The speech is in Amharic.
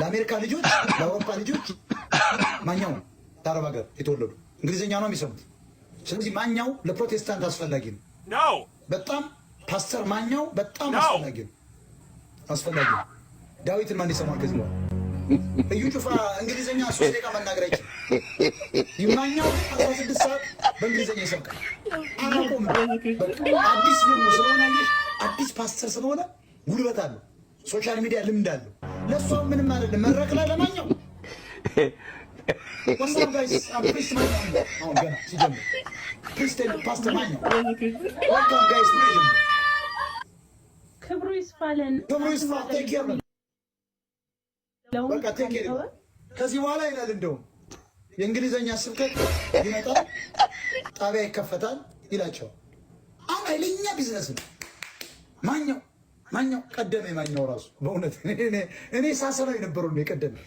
ለአሜሪካ ልጆች፣ ለአውሮፓ ልጆች ማኛው ከአረብ ሀገር የተወለዱ እንግሊዝኛ ነው የሚሰሙት። ስለዚህ ማኛው ለፕሮቴስታንት አስፈላጊ ነው። በጣም ፓስተር ማኛው በጣም አስፈላጊ ነው፣ አስፈላጊ ነው። ዳዊትን ማን ይሰማል? ከዚህ በኋላ እዩ ጩፋ እንግሊዝኛ ሶስት ደቂቃ መናገር አይችልም። ይማኛው አስራ ስድስት ሰዓት በእንግሊዝኛ ይሰብቃል። አዲስ ደግሞ ስለሆነ አዲስ ፓስተር ስለሆነ ጉልበት አለው። ሶሻል ሚዲያ ልምድ አለው። ለእሷ ምንም አይደለም። መድረክ ላይ ለማኛው ክብሩ ይስፋለን። ከዚህ በኋላ ይላል እንደውም የእንግሊዘኛ ስብከት ይመጣል፣ ጣቢያ ይከፈታል ይላቸዋል። አሁን ኃይለኛ ቢዝነስ ነው ማኛው ማኛው ቀደመ ማኛው ራሱ በእውነት እኔ ሳሰራ የነበረው ነው የቀደመ